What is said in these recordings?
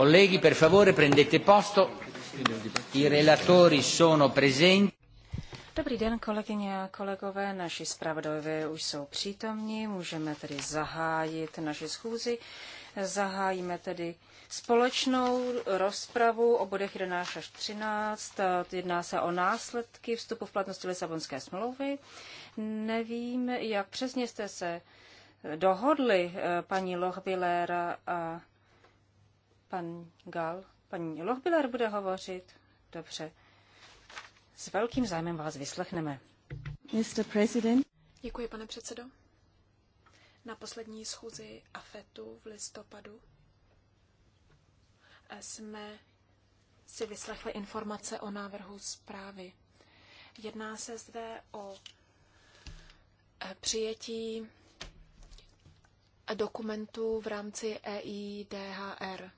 Dobrý den, kolegyně a kolegové, naši zpravodajové už jsou přítomní, můžeme tedy zahájit naši schůzi. Zahájíme tedy společnou rozpravu o bodech 11 až 13. Jedná se o následky vstupu v platnosti Lisabonské smlouvy. Nevím, jak přesně jste se dohodli, eh, paní Lochbiller a Pan Gal, paní Lochbiller bude hovořit. Dobře. S velkým zájmem vás vyslechneme. Mr. President. Děkuji, pane předsedo. Na poslední schůzi AFETu v listopadu eh, jsme si vyslechli informace o návrhu zprávy. Jedná se zde o eh, přijetí dokumentů v rámci EIDHR.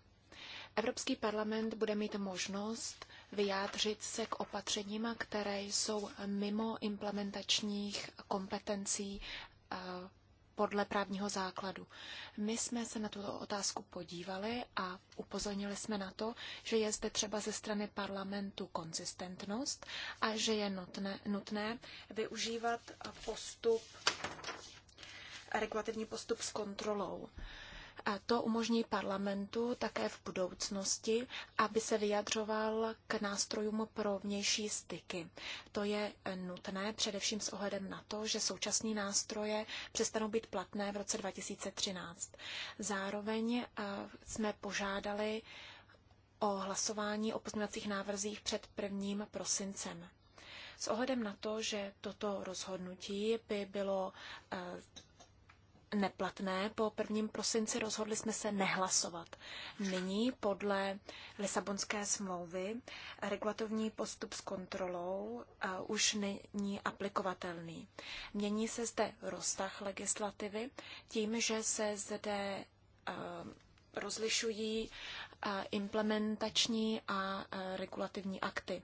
Evropský parlament bude mít možnost vyjádřit se k opatřením, které jsou mimo implementačních kompetencí eh, podle právního základu. My jsme se na tuto otázku podívali a upozornili jsme na to, že je zde třeba ze strany parlamentu konzistentnost a že je nutné, nutné využívat postup, regulativní postup s kontrolou. Uh, to umožní parlamentu také v budoucnosti, aby se vyjadřoval k nástrojům pro vnější styky. To je nutné především s ohledem na to, že současní nástroje přestanou být platné v roce 2013. Zároveň eh, jsme požádali o hlasování o pozměňovacích návrzích před 1. prosincem. S ohledem na to, že toto rozhodnutí by bylo eh, neplatné. Po prvním prosinci rozhodli jsme se nehlasovat. Nyní podle Lisabonské smlouvy regulatorní postup s kontrolou eh, už není aplikovatelný. Mění se zde roztah legislativy tím, že se zde eh, rozlišují eh, implementační a regulativní akty.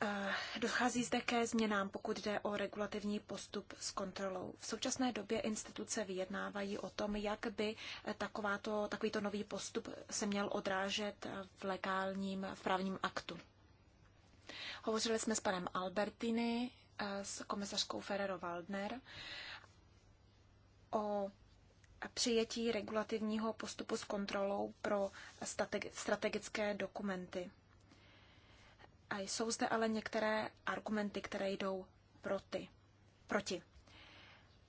Eh, dochází zde ke změnám, pokud jde o regulativní postup s kontrolou. V současné době instituce vyjednávají o tom, jak by eh, takováto, takovýto nový postup se měl odrážet eh, v legálním, v právním aktu. Hovořili jsme s panem Albertini, s komisařkou Ferrero Waldner o přijetí regulativního postupu s kontrolou pro strategické dokumenty. A jsou zde ale některé argumenty, které jdou proti. proti.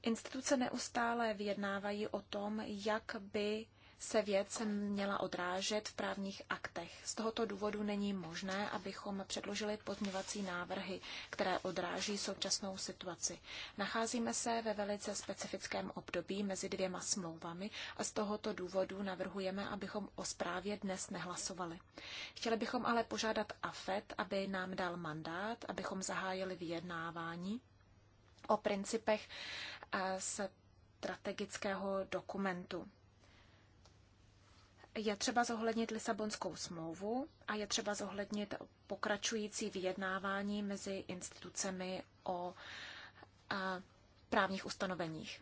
Instituce neustále vyjednávají o tom, jak by se věc měla odrážet v právních aktech. Z tohoto důvodu není možné, abychom předložili pozměňovací návrhy, které odráží současnou situaci. Nacházíme se ve velice specifickém období mezi dvěma smlouvami a z tohoto důvodu navrhujeme, abychom o zprávě dnes nehlasovali. Chtěli bychom ale požádat AFET, aby nám dal mandát, abychom zahájili vyjednávání o principech eh, strategického dokumentu je třeba zohlednit Lisabonskou smlouvu a je třeba zohlednit pokračující vyjednávání mezi institucemi o právních ustanoveních.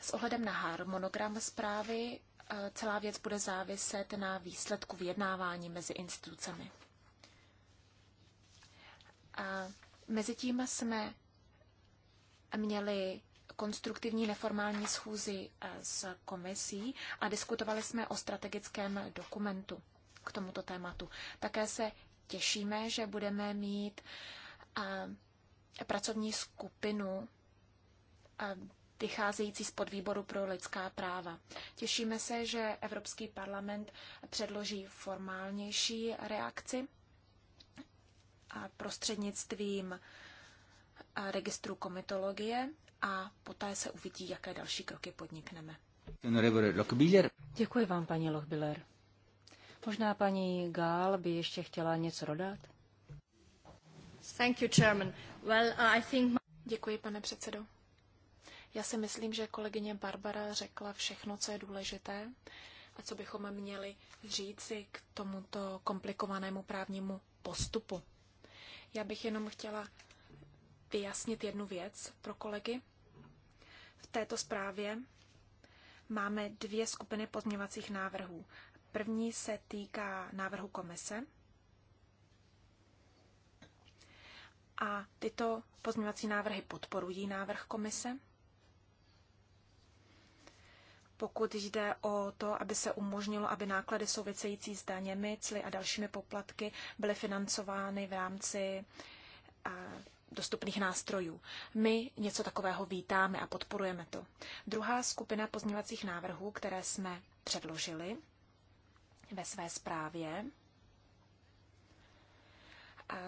S ohledem na harmonogram zprávy celá věc bude záviset na výsledku vyjednávání mezi institucemi. A mezitím jsme měli konstruktivní neformální schůzi eh, s komisí a diskutovali jsme o strategickém dokumentu k tomuto tématu. Také se těšíme, že budeme mít eh, pracovní skupinu eh, vycházející z podvýboru pro lidská práva. Těšíme se, že Evropský parlament předloží formálnější reakci prostřednictvím registru komitologie a poté se uvidí, jaké další kroky podnikneme. Děkuji vám, paní Lochbiller. Možná paní Gál by ještě chtěla něco dodat? Thank you, Chairman. Well, I think... Děkuji, pane předsedo. Já si myslím, že kolegyně Barbara řekla všechno, co je důležité a co bychom měli říci k tomuto komplikovanému právnímu postupu. Já bych jenom chtěla vyjasnit jednu věc pro kolegy. V této zprávě máme dvě skupiny pozměňovacích návrhů. První se týká návrhu komise. A tyto pozměňovací návrhy podporují návrh komise. Pokud jde o to, aby se umožnilo, aby náklady související s daněmi, cly a dalšími poplatky byly financovány v rámci eh, dostupných nástrojů. My něco takového vítáme a podporujeme to. Druhá skupina pozměňovacích návrhů, které jsme předložili ve své zprávě,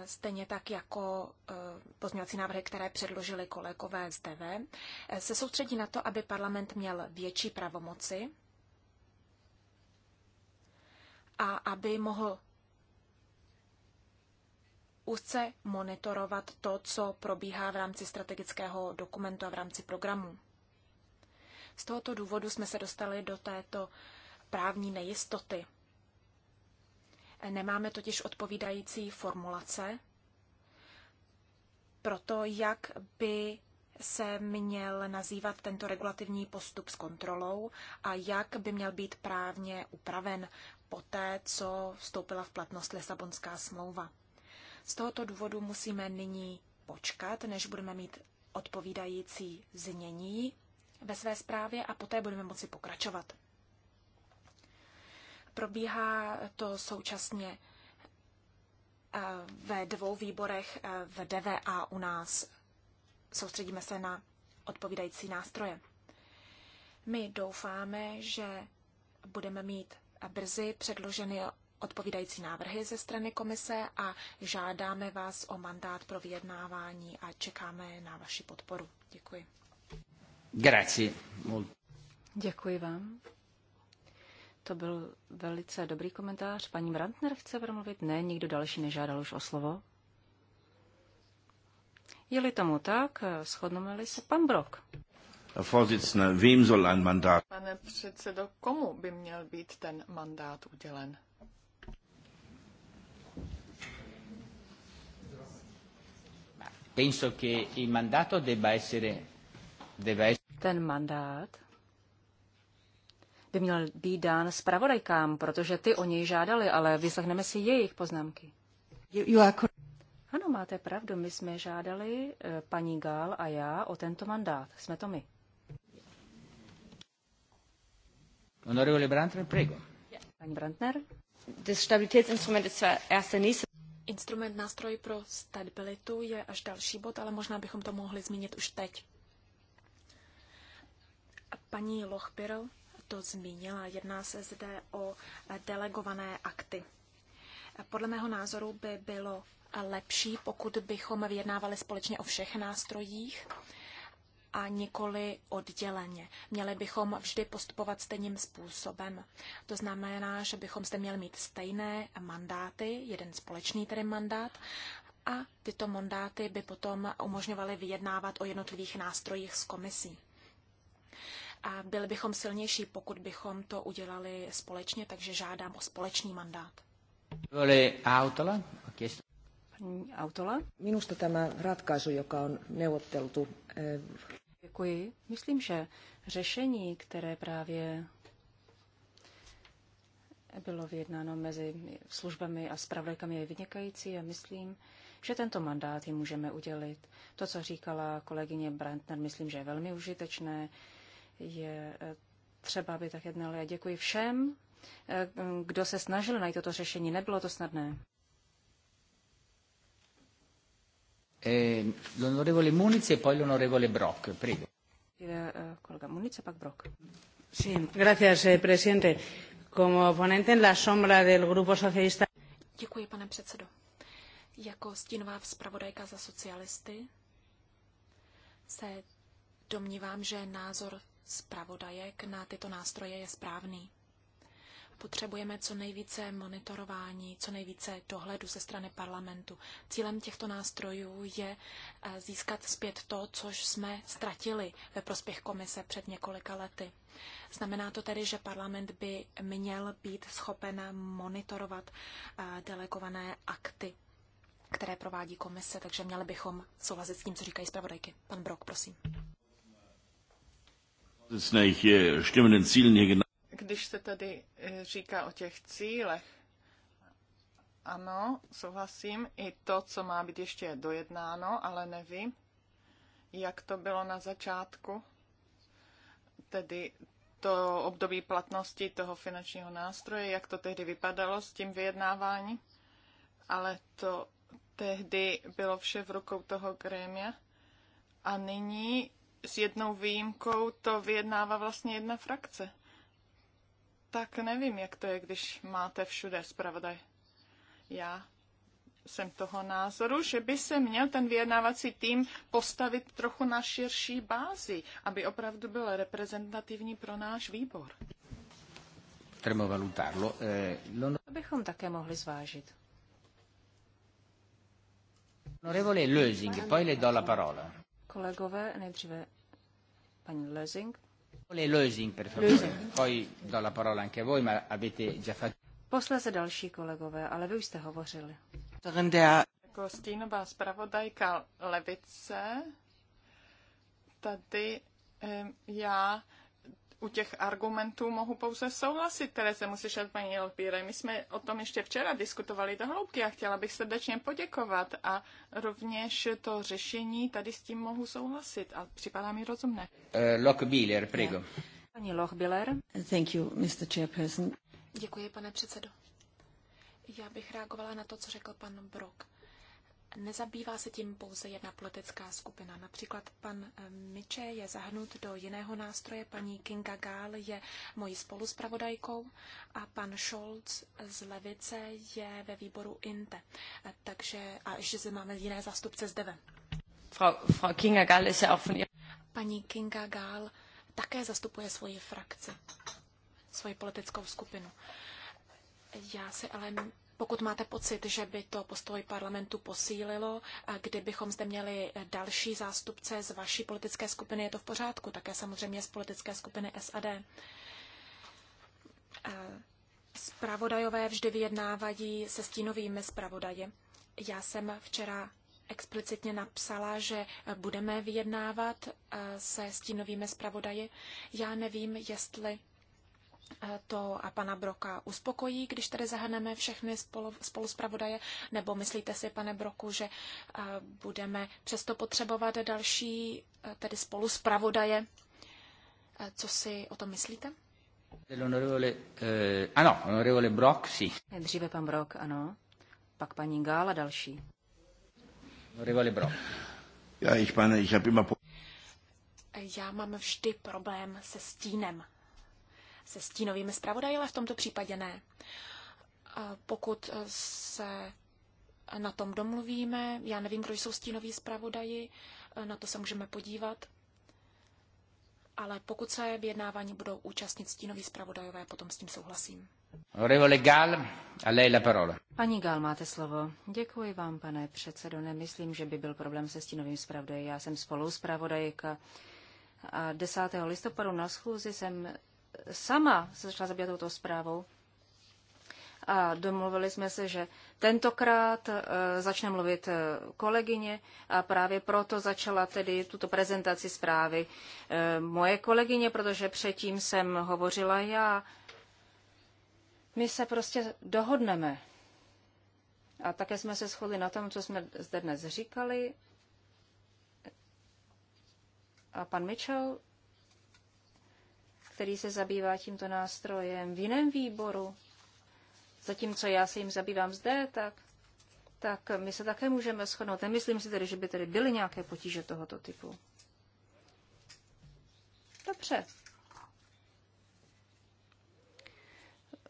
stejně tak jako e, pozměňovací návrhy, které předložili kolegové z DV, e, se soustředí na to, aby parlament měl větší pravomoci a aby mohl úzce monitorovat to, co probíhá v rámci strategického dokumentu a v rámci programu. Z tohoto důvodu jsme se dostali do této právní nejistoty. Nemáme totiž odpovídající formulace pro to, jak by se měl nazývat tento regulativní postup s kontrolou a jak by měl být právně upraven poté, co vstoupila v platnost Lisabonská smlouva. Z tohoto důvodu musíme nyní počkat, než budeme mít odpovídající znění ve své zprávě a poté budeme moci pokračovat. Probíhá to současně eh, ve dvou výborech eh, v DVA u nás. Soustředíme se na odpovídající nástroje. My doufáme, že budeme mít brzy předloženy odpovídající návrhy ze strany komise a žádáme vás o mandát pro vyjednávání a čekáme na vaši podporu. Děkuji. Grazie. Děkuji vám. To byl velice dobrý komentář. Paní Brandner chce promluvit? Ne, nikdo další nežádal už o slovo. Je-li tomu tak, shodneme-li se pan Brok. Pane předsedo, komu by měl být ten mandát udělen? Penso che il mandato debba essere, debba essere... Ten mandát by měl být dán zpravodajkám, protože ty o něj žádali, ale vyslechneme si jejich poznámky. Ano, máte pravdu, my jsme žádali eh, paní Gál a já o tento mandát. Jsme to my. Honorable Brandner, prego. Paní Brandner. Das Stabilitätsinstrument ist zwar erst der nächste Instrument nástroj pro stabilitu je až další bod, ale možná bychom to mohli zmínit už teď. Paní Lochbirl to zmínila, jedná se zde o delegované akty. Podle mého názoru by bylo lepší, pokud bychom vyjednávali společně o všech nástrojích a nikoli odděleně. Měli bychom vždy postupovat stejným způsobem. To znamená, že bychom zde měli mít stejné mandáty, jeden společný tedy mandát, a tyto mandáty by potom umožňovaly vyjednávat o jednotlivých nástrojích s komisí. A byli bychom silnější, pokud bychom to udělali společně, takže žádám o společný mandát. Autola. Autola. Minusta tämä ratkaisu, joka on neuvotteltu eh, Děkuji. Myslím, že řešení, které právě bylo vyjednáno mezi službami a zpravodajkami je vynikající a myslím, že tento mandát jim můžeme udělit. To, co říkala kolegyně Brandner, myslím, že je velmi užitečné. Je eh, třeba, aby tak jednali. A děkuji všem, eh, kdo se snažil najít toto řešení. Nebylo to snadné. Ehm, l'onorevole Muniz e poi l'onorevole Brock, prego. Eh, e sí, gracias, eh, presidente. Como ponente en la sombra del Grupo Socialista... Děkuji, pane předsedo. Jako stínová zpravodajka za socialisty se domnívám, že názor zpravodajek na tyto nástroje je správný potřebujeme co nejvíce monitorování, co nejvíce dohledu ze strany parlamentu. Cílem těchto nástrojů je eh, získat zpět to, což jsme ztratili ve prospěch komise před několika lety. Znamená to tedy, že parlament by měl být schopen monitorovat eh, delegované akty které provádí komise, takže měli bychom souhlasit s tím, co říkají zpravodajky. Pan Brok, prosím. Když se tady eh, říká o těch cílech, ano, souhlasím, i to, co má být ještě dojednáno, ale nevím, jak to bylo na začátku, tedy to období platnosti toho finančního nástroje, jak to tehdy vypadalo s tím vyjednáváním, ale to tehdy bylo vše v rukou toho grémia a nyní s jednou výjimkou to vyjednává vlastně jedna frakce tak nevím, jak to je, když máte všude zpravodaj. Já jsem toho názoru, že by se měl ten vyjednávací tým postavit trochu na širší bázi, aby opravdu byl reprezentativní pro náš výbor. Termovalutarlo. Eh, non... No. Abychom také mohli zvážit. Onorevole Lösing, poi le do la parola. Kolegové, nejdříve paní Lösing. Posleze další kolegové, ale vy už jste hovořili. Jako stínová zpravodajka levice, tady já u těch argumentů mohu pouze souhlasit, které se musí šel paní Elpíre. My jsme o tom ještě včera diskutovali do hloubky a chtěla bych srdečně poděkovat a rovněž to řešení tady s tím mohu souhlasit a připadá mi rozumné. Uh, eh, Lochbiller, prego. Paní Lochbiller. Thank you, Mr. Chairperson. Děkuji, pane předsedo. Já bych reagovala na to, co řekl pan Brok. Nezabývá se tím pouze jedna politická skupina. Například pan eh, Miče je zahnut do jiného nástroje, paní Kinga Gál je mojí spoluspravodajkou a pan Scholz z Levice je ve výboru INTE. Eh, takže a ještě se máme jiné zástupce z DEVE. Frau, Frau Kinga Gál je auch von ihr. Paní Kinga Gál také zastupuje svoji frakci, svoji politickou skupinu. Já si ale pokud máte pocit, že by to postoj parlamentu posílilo, a kdybychom zde měli další zástupce z vaší politické skupiny, je to v pořádku, také samozřejmě z politické skupiny SAD. Spravodajové vždy vyjednávají se stínovými spravodaji. Já jsem včera explicitně napsala, že budeme vyjednávat se stínovými zpravodaji. Já nevím, jestli to a pana Broka uspokojí, když tady zahrneme všechny spolu, spoluspravodaje, nebo myslíte si, pane Broku, že budeme přesto potřebovat další, tedy spoluspravodaje? Co si o tom myslíte? Eh, ano, ah honorevole Brok si. Dříve pan Brok, ano. Pak paní Gála další. Honorevole Brok. Já, ich meine, ich immer... Já mám vždy problém se stínem se stínovými zpravodaji, ale v tomto případě ne. Pokud se na tom domluvíme, já nevím, kdo jsou stínoví zpravodaji, na to se můžeme podívat. Ale pokud se vyjednávání budou účastnit stínoví zpravodajové, potom s tím souhlasím. Paní Gál, máte slovo. Děkuji vám, pane předsedo. Nemyslím, že by byl problém se stínovým zpravodajem. Já jsem spolu zpravodajka. A 10. listopadu na schůzi jsem sama se začala zabývat touto zprávou. A domluvili jsme se, že tentokrát eh, začne mluvit eh, kolegyně a právě proto začala tedy tuto prezentaci zprávy eh, moje kolegyně, protože předtím jsem hovořila já. My se prostě dohodneme. A také jsme se shodli na tom, co jsme zde dnes říkali. A pan Mitchell který se zabývá tímto nástrojem v jiném výboru, zatímco já se jim zabývám zde, tak, tak my se také můžeme shodnout. Nemyslím si tedy, že by tedy byly nějaké potíže tohoto typu. Dobře.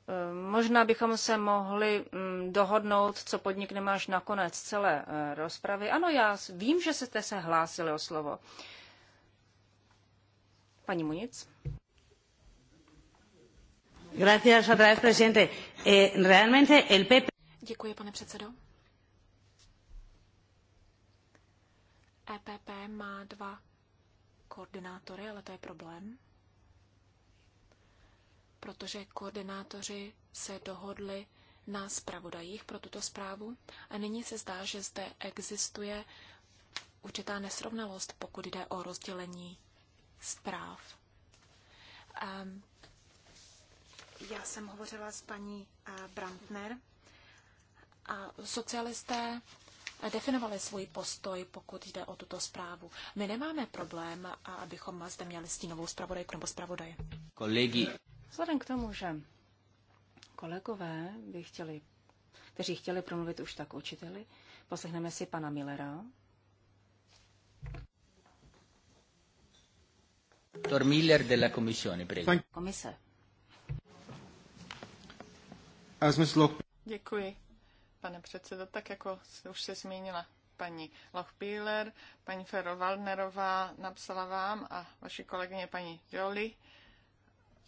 Eh, možná bychom se mohli mm, dohodnout, co podnikneme až na konec celé eh, rozpravy. Ano, já vím, že jste se hlásili o slovo. Paní Munic. Gracias otra vez, presidente. Eh, pane předsedo. EPP má dva koordinátory, ale to je problém, protože koordinátoři se dohodli na zpravodajích pro tuto zprávu a nyní se zdá, že zde existuje určitá nesrovnalost, pokud jde o rozdělení zpráv. Um, já jsem hovořila s paní eh, Brandner a socialisté definovali svůj postoj, pokud jde o tuto zprávu. My nemáme problém, abychom zde měli stínovou zpravodajku nebo zpravodaje. Kolegy. Vzhledem k tomu, že kolegové by chtěli, kteří chtěli promluvit už tak učiteli, poslechneme si pana Millera. Dr. Miller della Commissione, prego. Komise. Děkuji, pane předsedo. Tak jako už se zmínila paní Lochbíler, paní Ferro Waldnerová napsala vám a vaši kolegyně paní Jolie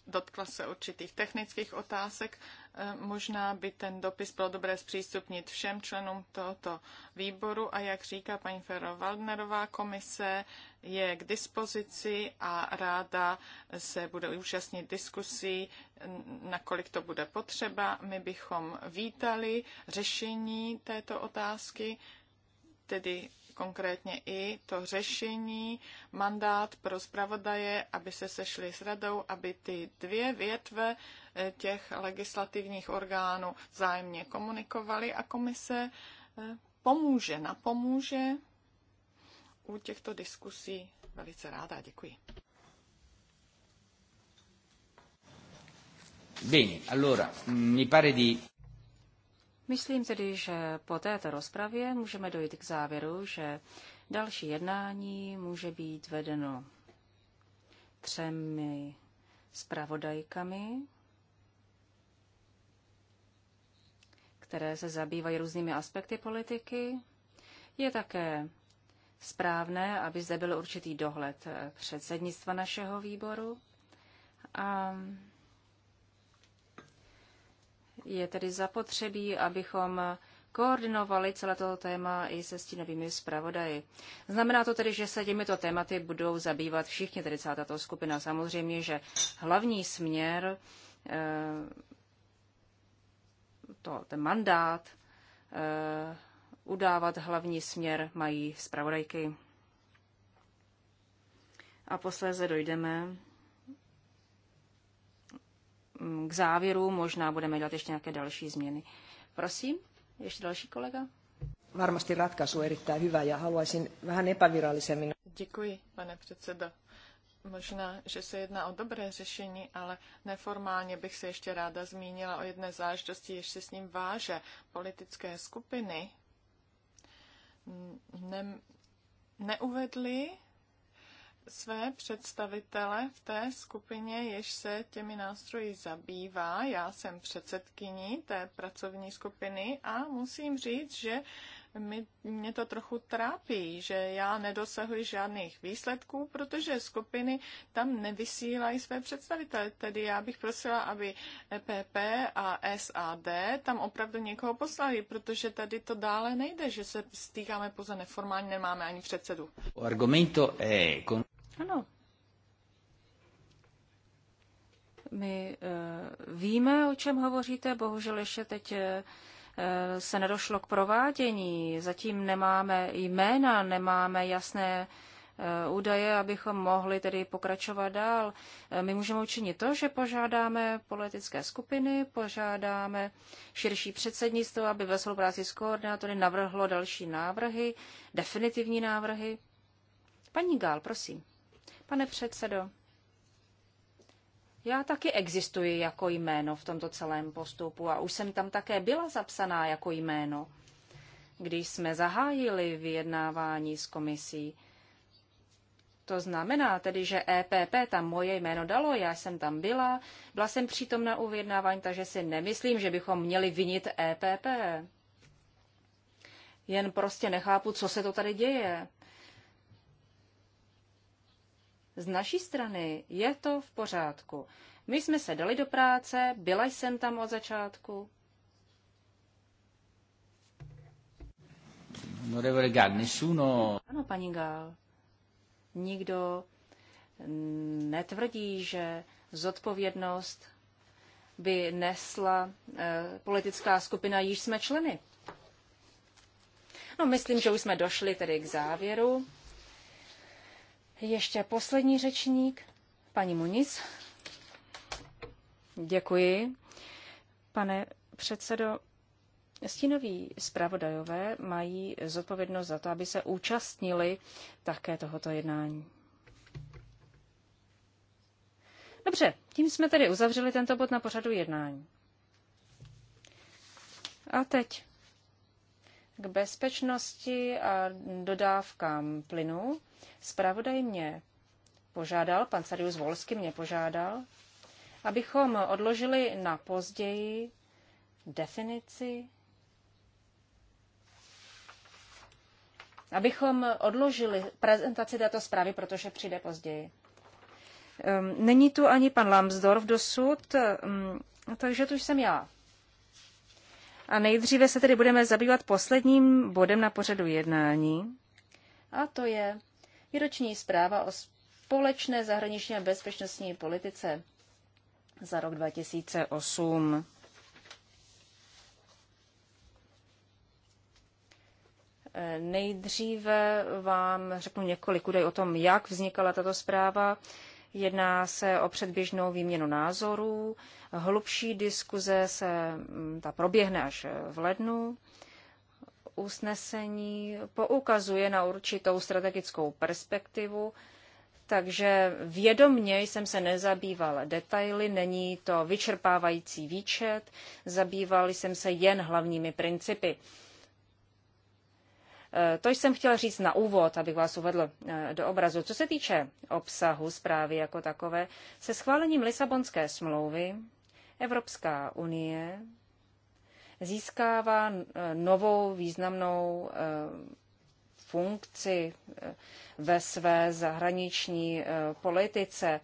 dotkla se určitých technických otázek. E, možná by ten dopis bylo dobré zpřístupnit všem členům tohoto výboru a jak říká paní Ferro Waldnerová, komise je k dispozici a ráda se bude účastnit diskusí, nakolik to bude potřeba. My bychom vítali řešení této otázky, tedy konkrétně i to řešení, mandát pro zpravodaje, aby se sešli s radou, aby ty dvě větve eh, těch legislativních orgánů zájemně komunikovaly a komise eh, pomůže, napomůže u těchto diskusí velice ráda. Děkuji. Bene, allora, mi pare di... Myslím tedy, že po této rozpravě můžeme dojít k závěru, že další jednání může být vedeno třemi zpravodajkami, které se zabývají různými aspekty politiky. Je také správné, aby zde byl určitý dohled předsednictva našeho výboru. A je tedy zapotřebí, abychom koordinovali celé toto téma i se stínovými zpravodaji. Znamená to tedy, že se těmito tématy budou zabývat všichni, tedy celá tato skupina. Samozřejmě, že hlavní směr, eh, to, ten mandát, eh, udávat hlavní směr mají zpravodajky. A posléze dojdeme Mm, k závěru. Možná budeme dělat ještě nějaké další změny. Prosím, ještě další kolega. Varmasti ratkaisu erittäin hyvä ja haluaisin vähän epävirallisemmin. Děkuji, pane předsedo. Možná, že se jedná o dobré řešení, ale neformálně bych se ještě ráda zmínila o jedné záležitosti, jež se s ním váže. Politické skupiny ne, neuvedly své představitele v té skupině, jež se těmi nástroji zabývá. Já jsem předsedkyní té pracovní skupiny a musím říct, že mi, mě to trochu trápí, že já nedosahuji žádných výsledků, protože skupiny tam nevysílají své představitele. Tedy já bych prosila, aby EPP a SAD tam opravdu někoho poslali, protože tady to dále nejde, že se stýkáme pouze neformálně, nemáme ani předsedu. Argumento je... Ano. My eh, víme, o čem hovoříte, bohužel ještě teď eh, se nedošlo k provádění. Zatím nemáme jména, nemáme jasné eh, údaje, abychom mohli tedy pokračovat dál. My můžeme učinit to, že požádáme politické skupiny, požádáme širší předsednictvo, aby ve spolupráci s koordinátory navrhlo další návrhy, definitivní návrhy. Paní Gál, prosím. Pane předsedo, já taky existuji jako jméno v tomto celém postupu a už jsem tam také byla zapsaná jako jméno, když jsme zahájili vyjednávání s komisí. To znamená tedy, že EPP tam moje jméno dalo, já jsem tam byla, byla jsem přítomna u vyjednávání, takže si nemyslím, že bychom měli vinit EPP. Jen prostě nechápu, co se to tady děje. Z naší strany je to v pořádku. My jsme se dali do práce, byla jsem tam od začátku. Ano, paní Gál, nikdo netvrdí, že zodpovědnost by nesla eh, politická skupina, již jsme členy. No, myslím, že už jsme došli tedy k závěru. Ještě poslední řečník, paní Muniz. Děkuji. Pane předsedo, stínoví zpravodajové mají zodpovědnost za to, aby se účastnili také tohoto jednání. Dobře, tím jsme tedy uzavřeli tento bod na pořadu jednání. A teď k bezpečnosti a dodávkám plynu zpravodaj mě požádal, pan Sarius Volsky mě požádal, abychom odložili na později definici, abychom odložili prezentaci této zprávy, protože přijde později. Ehm, není tu ani pan Lambsdorff dosud, ehm, takže tu jsem já. A nejdříve se tedy budeme zabývat posledním bodem na pořadu jednání, a to je výroční zpráva o společné zahraniční a bezpečnostní politice za rok 2008. Nejdříve vám řeknu několik údajů o tom, jak vznikala tato zpráva. Jedná se o předběžnou výměnu názorů. Hlubší diskuze se mm, ta proběhne až v lednu. Usnesení poukazuje na určitou strategickou perspektivu, takže vědomně jsem se nezabýval detaily, není to vyčerpávající výčet, zabýval jsem se jen hlavními principy. Eh, to jsem chtěl říct na úvod, abych vás uvedl eh, do obrazu. Co se týče obsahu zprávy jako takové, se schválením Lisabonské smlouvy Evropská unie získává eh, novou významnou funkci ve své zahraniční politice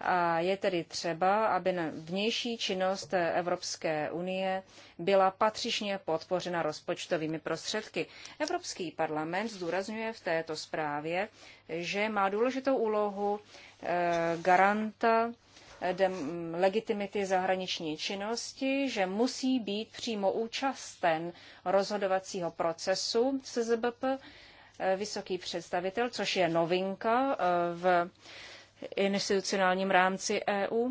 a je tedy třeba, aby vnější činnost Evropské unie byla patřičně podpořena rozpočtovými prostředky. Evropský parlament zdůrazňuje v této zprávě, že má důležitou úlohu e, garanta e, legitimity zahraniční činnosti, že musí být přímo účasten rozhodovacího procesu CZBP e, vysoký představitel, což je novinka v institucionálním rámci EU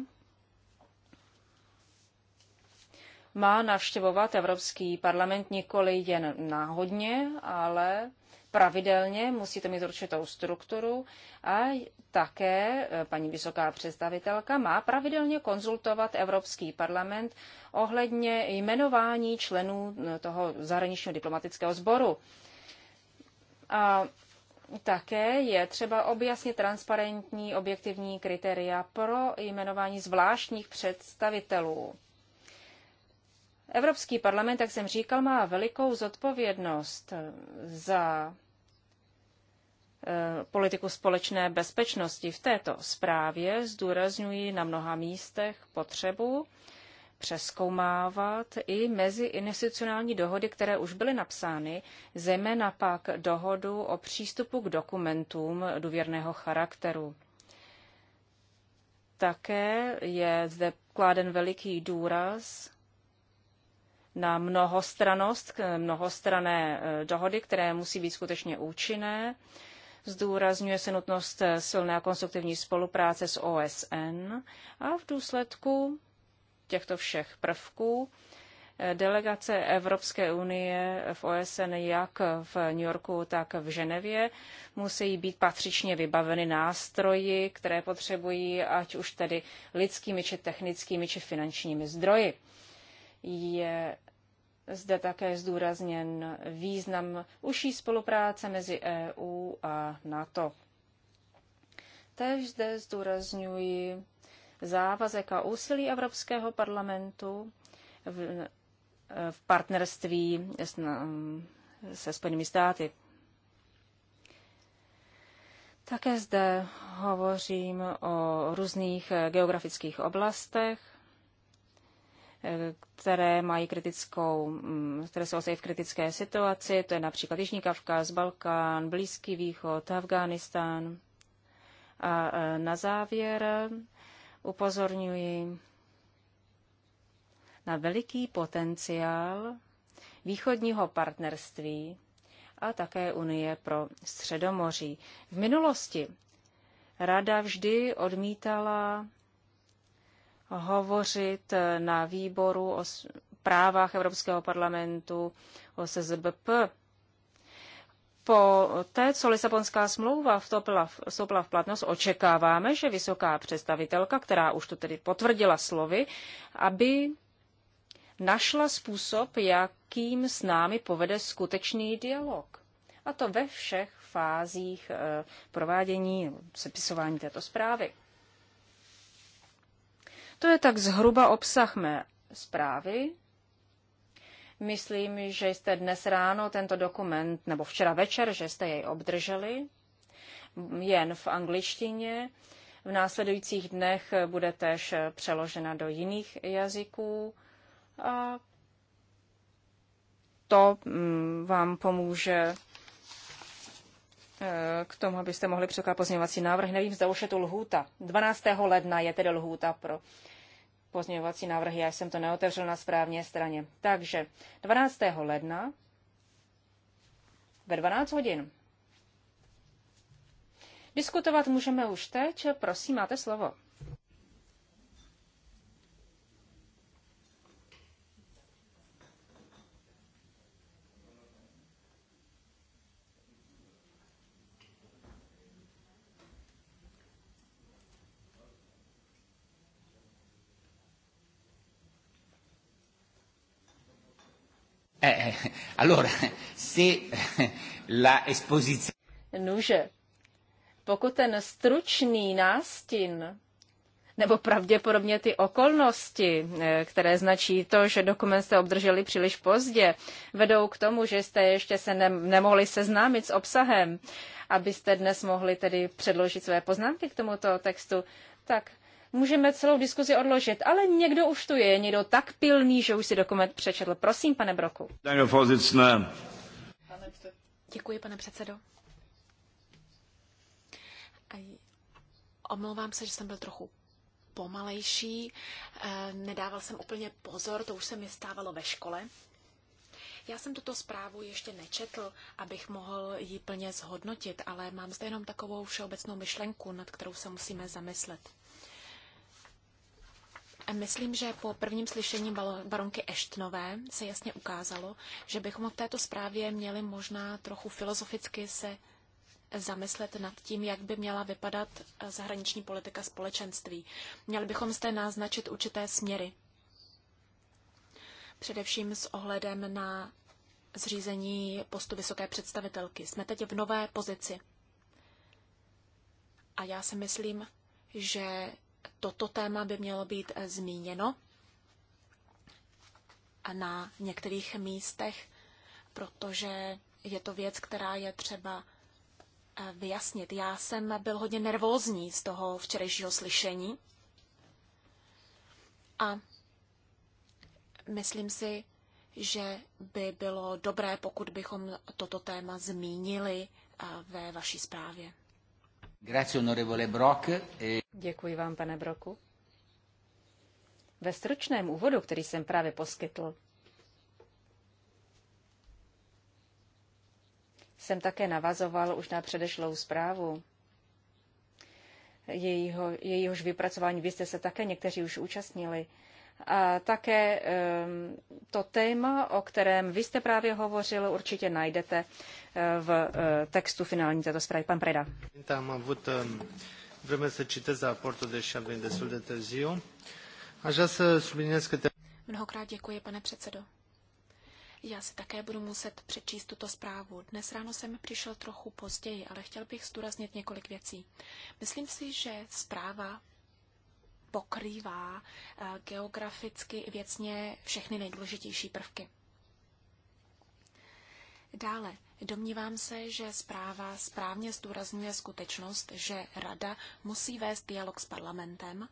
má navštěvovat Evropský parlament nikoli jen náhodně, ale pravidelně, musí to mít určitou strukturu a také eh, paní vysoká představitelka má pravidelně konzultovat Evropský parlament ohledně jmenování členů eh, toho zahraničního diplomatického sboru. A také je třeba objasnit transparentní objektivní kritéria pro jmenování zvláštních představitelů. Evropský parlament, jak jsem říkal, má velikou zodpovědnost za eh, politiku společné bezpečnosti. V této zprávě zdůrazňuji na mnoha místech potřebu přeskoumávat i mezi institucionální dohody, které už byly napsány, zejména pak dohodu o přístupu k dokumentům důvěrného charakteru. Také je zde kláden veliký důraz na mnohostranost, mnohostrané eh, dohody, které musí být skutečně účinné. Zdůrazňuje se nutnost silné a konstruktivní spolupráce s OSN a v důsledku těchto všech prvků. Eh, delegace Evropské unie v OSN jak v New Yorku, tak v Ženevě musí být patřičně vybaveny nástroji, které potřebují, ať už tedy lidskými, či technickými, či finančními zdroji. Je zde také zdůrazněn význam užší spolupráce mezi EU a NATO. Též zde zdůrazňuji závazek a úsilí Evropského parlamentu v, v partnerství se Spojenými státy. Také zde hovořím o různých geografických oblastech, které mají kritickou, které se osejí v kritické situaci, to je například Jižní Kavkaz, Balkán, Blízký východ, Afghánistán. A na závěr upozorňuji na veliký potenciál východního partnerství a také Unie pro Středomoří. V minulosti Rada vždy odmítala hovořit na výboru o právách Evropského parlamentu o SZBP po té, co Lisabonská smlouva vstoupila, vstoupila v platnost, očekáváme, že vysoká představitelka, která už to tedy potvrdila slovy, aby našla způsob, jakým s námi povede skutečný dialog. A to ve všech fázích eh, provádění sepisování této zprávy. To je tak zhruba obsah mé zprávy Myslím, že jste dnes ráno tento dokument, nebo včera večer, že jste jej obdrželi, jen v angličtině. V následujících dnech bude též přeložena do jiných jazyků. A to mm, vám pomůže eh, k tomu, abyste mohli překládat pozměňovací návrh. Nevím, zda už je tu lhůta. 12. ledna je tedy lhůta pro pozměňovací návrhy. Já jsem to neotevřel na správné straně. Takže 12. ledna ve 12 hodin. Diskutovat můžeme už teď. Prosím, máte slovo. Eh, eh, allora, se eh, la esposizione... Nuže, pokud ten stručný nástin nebo pravděpodobně ty okolnosti, eh, které značí to, že dokument jste obdrželi příliš pozdě, vedou k tomu, že jste ještě se ne- nemohli seznámit s obsahem, abyste dnes mohli tedy předložit své poznámky k tomuto textu, tak můžeme celou diskuzi odložit, ale někdo už tu je, někdo tak pilný, že už si dokument přečetl. Prosím, pane Broku. Děkuji, pane předsedo. Omlouvám se, že jsem byl trochu pomalejší, eh, nedával jsem úplně pozor, to už se mi stávalo ve škole. Já jsem tuto zprávu ještě nečetl, abych mohl ji plně zhodnotit, ale mám zde jenom takovou všeobecnou myšlenku, nad kterou se musíme zamyslet. Myslím, že po prvním slyšení baronky Eštnové se jasně ukázalo, že bychom v této zprávě měli možná trochu filozoficky se zamyslet nad tím, jak by měla vypadat eh, zahraniční politika společenství. Měli bychom zde naznačit určité směry. Především s ohledem na zřízení postu vysoké představitelky. Jsme teď v nové pozici. A já si myslím, že toto téma by mělo být eh, zmíněno na některých místech, protože je to věc, která je třeba eh, vyjasnit. Já jsem byl hodně nervózní z toho včerejšího slyšení a myslím si, že by bylo dobré, pokud bychom toto téma zmínili eh, ve vaší zprávě. E Děkuji vám, pane Broku. Ve stručném úvodu, který jsem právě poskytl, jsem také navazoval už na předešlou zprávu. Jejího, jejíhož vypracování vy jste se také někteří už účastnili. A také ehm, to téma, o kterém vy jste právě hovořil, určitě najdete eh, v eh, textu finální této zprávy. Pan Preda. Am avut ehm, vreme să citesc raportul, deși destul de târziu. Mnohokrát děkuji, pane předsedo. Já si také budu muset přečíst tuto zprávu. Dnes ráno jsem přišel trochu později, ale chtěl bych zdůraznit několik věcí. Myslím si, že zpráva pokrývá eh, geograficky věcně všechny nejdůležitější prvky. Dále, domnívám se, že zpráva správně zdůrazňuje skutečnost, že Rada musí vést dialog s parlamentem,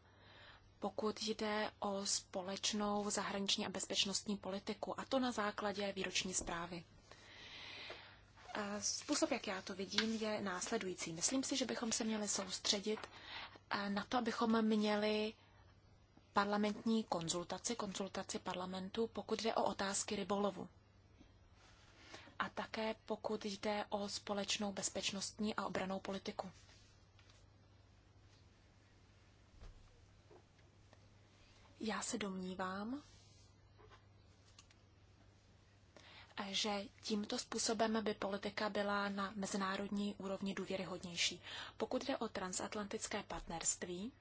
pokud jde o společnou zahraniční a bezpečnostní politiku, a to na základě výroční zprávy. Eh, způsob, jak já to vidím, je následující. Myslím si, že bychom se měli soustředit na to, abychom měli parlamentní konzultaci, konzultaci parlamentu, pokud jde o otázky rybolovu. A také pokud jde o společnou bezpečnostní a obranou politiku. Já se domnívám, že tímto způsobem by politika byla na mezinárodní úrovni důvěryhodnější. Pokud jde o transatlantické partnerství,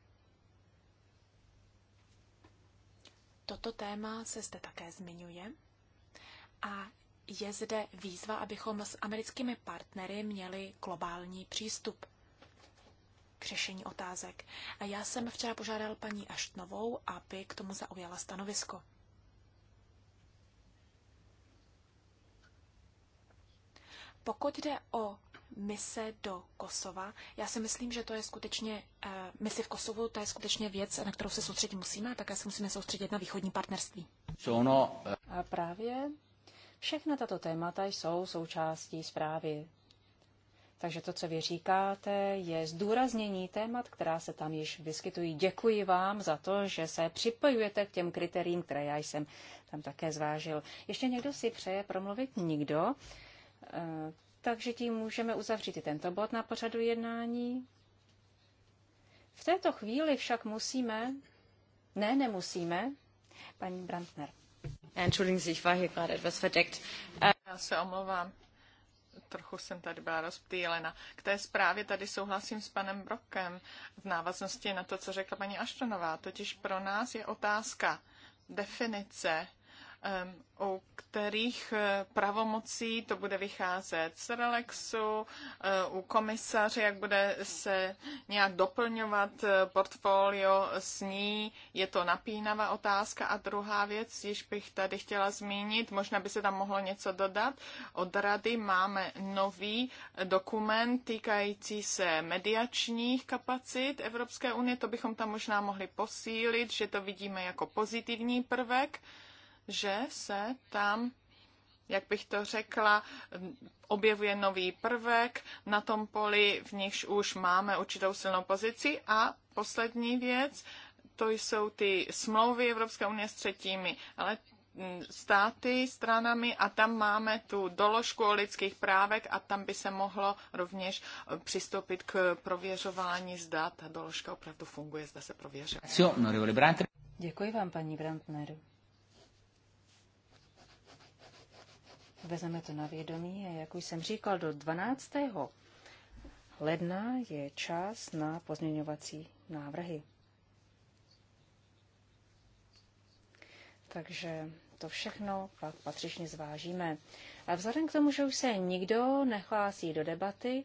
toto téma se zde také zmiňuje a je zde výzva, abychom s americkými partnery měli globální přístup k řešení otázek. A já jsem včera požádal paní Aštnovou, aby k tomu zaujala stanovisko. Pokud jde o mise do Kosova, já si myslím, že to je skutečně, uh, misi v Kosovu, to je skutečně věc, na kterou se soustředit musíme a také se musíme soustředit na východní partnerství. Eh? A právě všechna tato témata jsou součástí zprávy. Takže to, co vy říkáte, je zdůraznění témat, která se tam již vyskytují. Děkuji vám za to, že se připojujete k těm kritériím, které já jsem tam také zvážil. Ještě někdo si přeje promluvit? Nikdo. Eh, takže tím můžeme uzavřít i tento bod na pořadu jednání. V této chvíli však musíme, ne, nemusíme, paní Brandner. Entschuldigen Sie, ich war hier gerade etwas verdeckt. Äh, Já se omlouvám. Trochu jsem tady byla rozptýlena. K té zprávě tady souhlasím s panem Brokem v návaznosti na to, co řekla paní Aštronová. Totiž pro nás je otázka definice u kterých eh, pravomocí to bude vycházet z Relexu, eh, u komisaře, jak bude se nějak doplňovat eh, portfolio s ní, je to napínavá otázka. A druhá věc, již bych tady chtěla zmínit, možná by se tam mohlo něco dodat, od rady máme nový dokument týkající se mediačních kapacit Evropské unie, to bychom tam možná mohli posílit, že to vidíme jako pozitivní prvek, že se tam jak bych to řekla, objevuje nový prvek na tom poli, v nichž už máme určitou silnou pozici. A poslední věc, to jsou ty smlouvy Evropské unie s třetími, ale mm, státy, stranami a tam máme tu doložku o lidských právek a tam by se mohlo rovněž přistoupit k prověřování, zda ta doložka opravdu funguje, zda se prověřuje. Děkuji vám, paní Brandner. vezmeme to na vědomí a jak už jsem říkal, do 12. ledna je čas na pozměňovací návrhy. Takže to všechno pak patřičně zvážíme. A vzhledem k tomu, že už se nikdo nechlásí do debaty,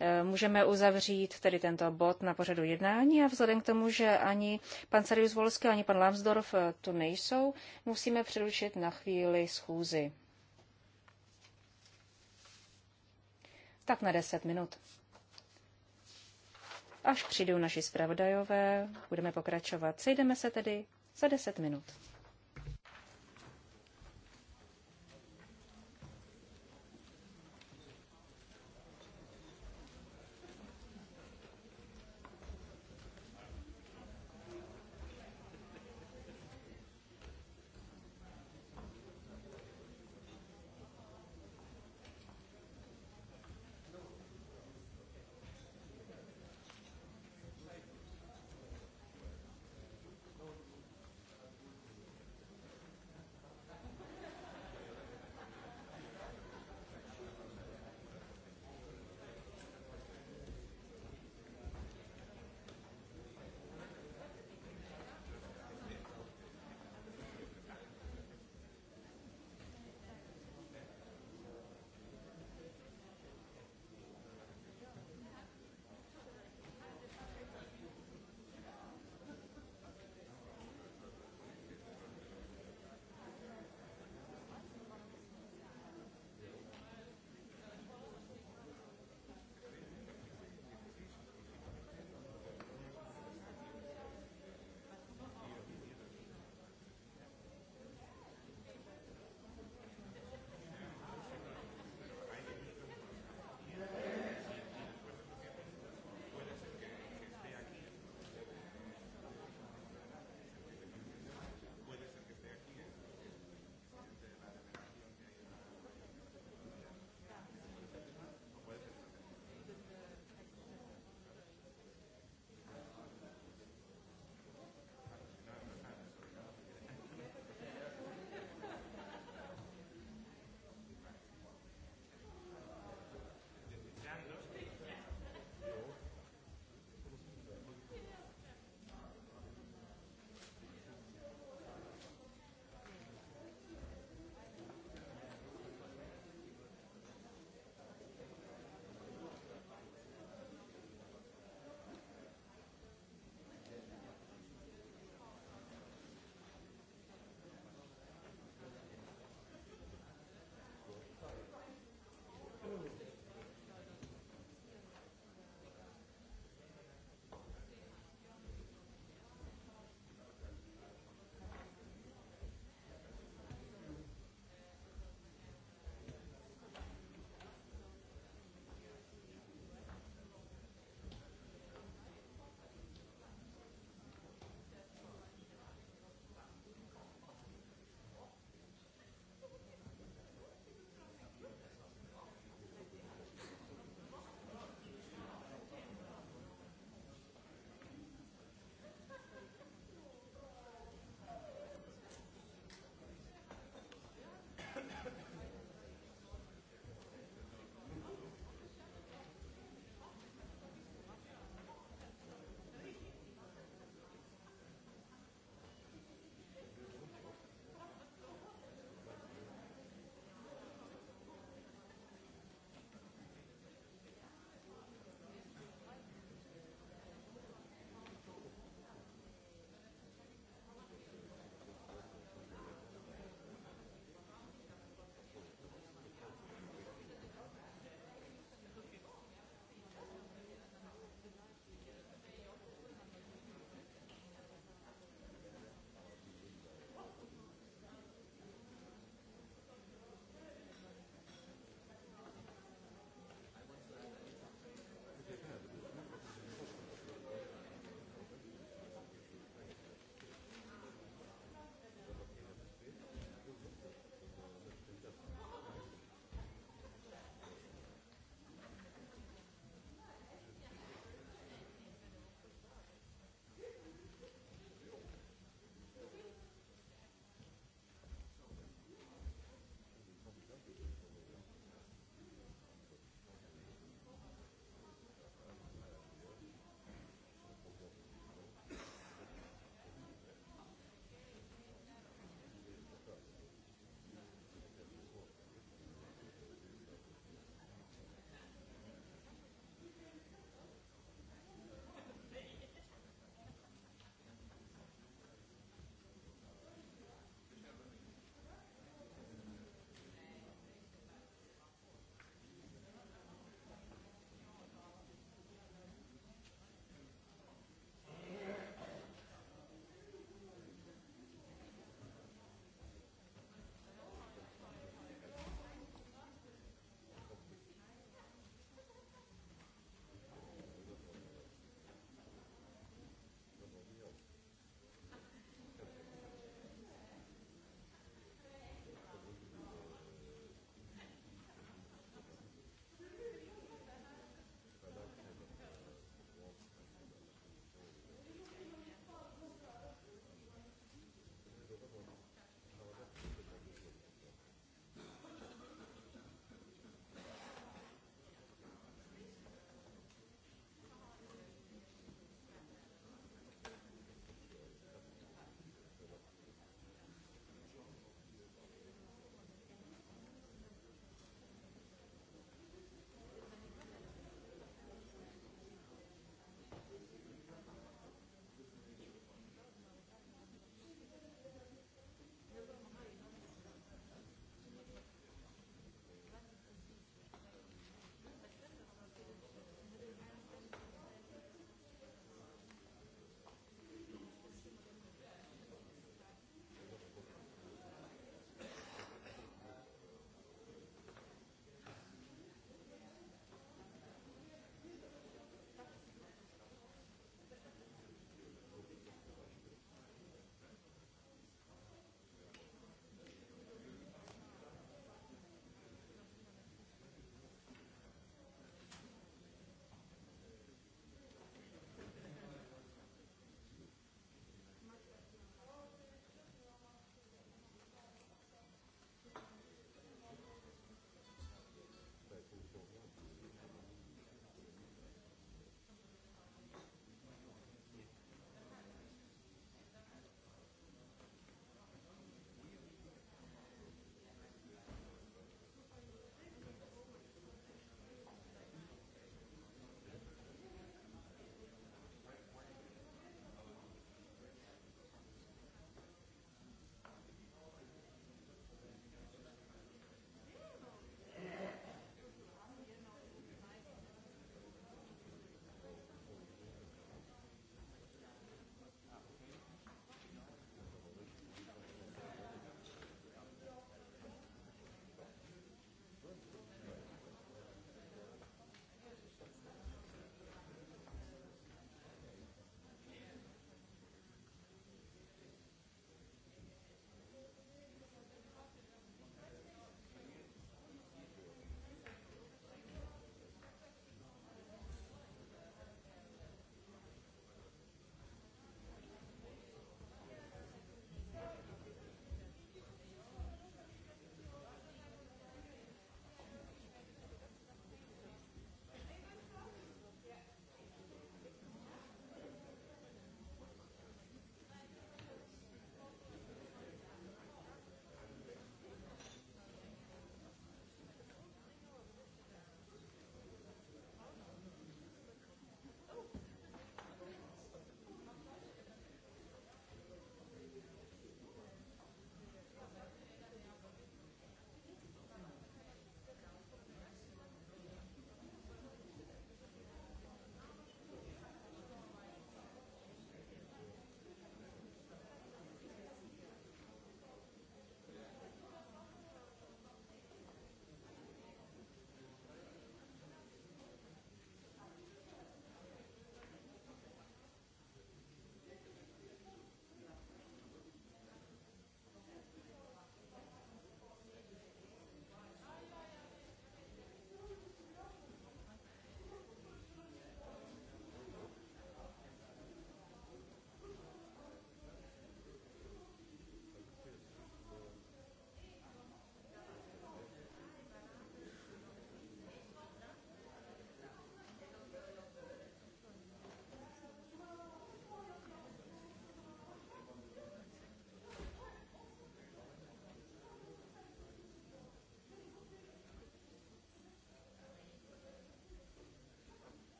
eh, můžeme uzavřít tedy tento bod na pořadu jednání a vzhledem k tomu, že ani pan Sarius Volsky, ani pan Lambsdorff eh, tu nejsou, musíme přerušit na chvíli schůzi. tak na 10 minut. Až přijdou naši zpravodajové, budeme pokračovat. Sejdeme se tedy za 10 minut.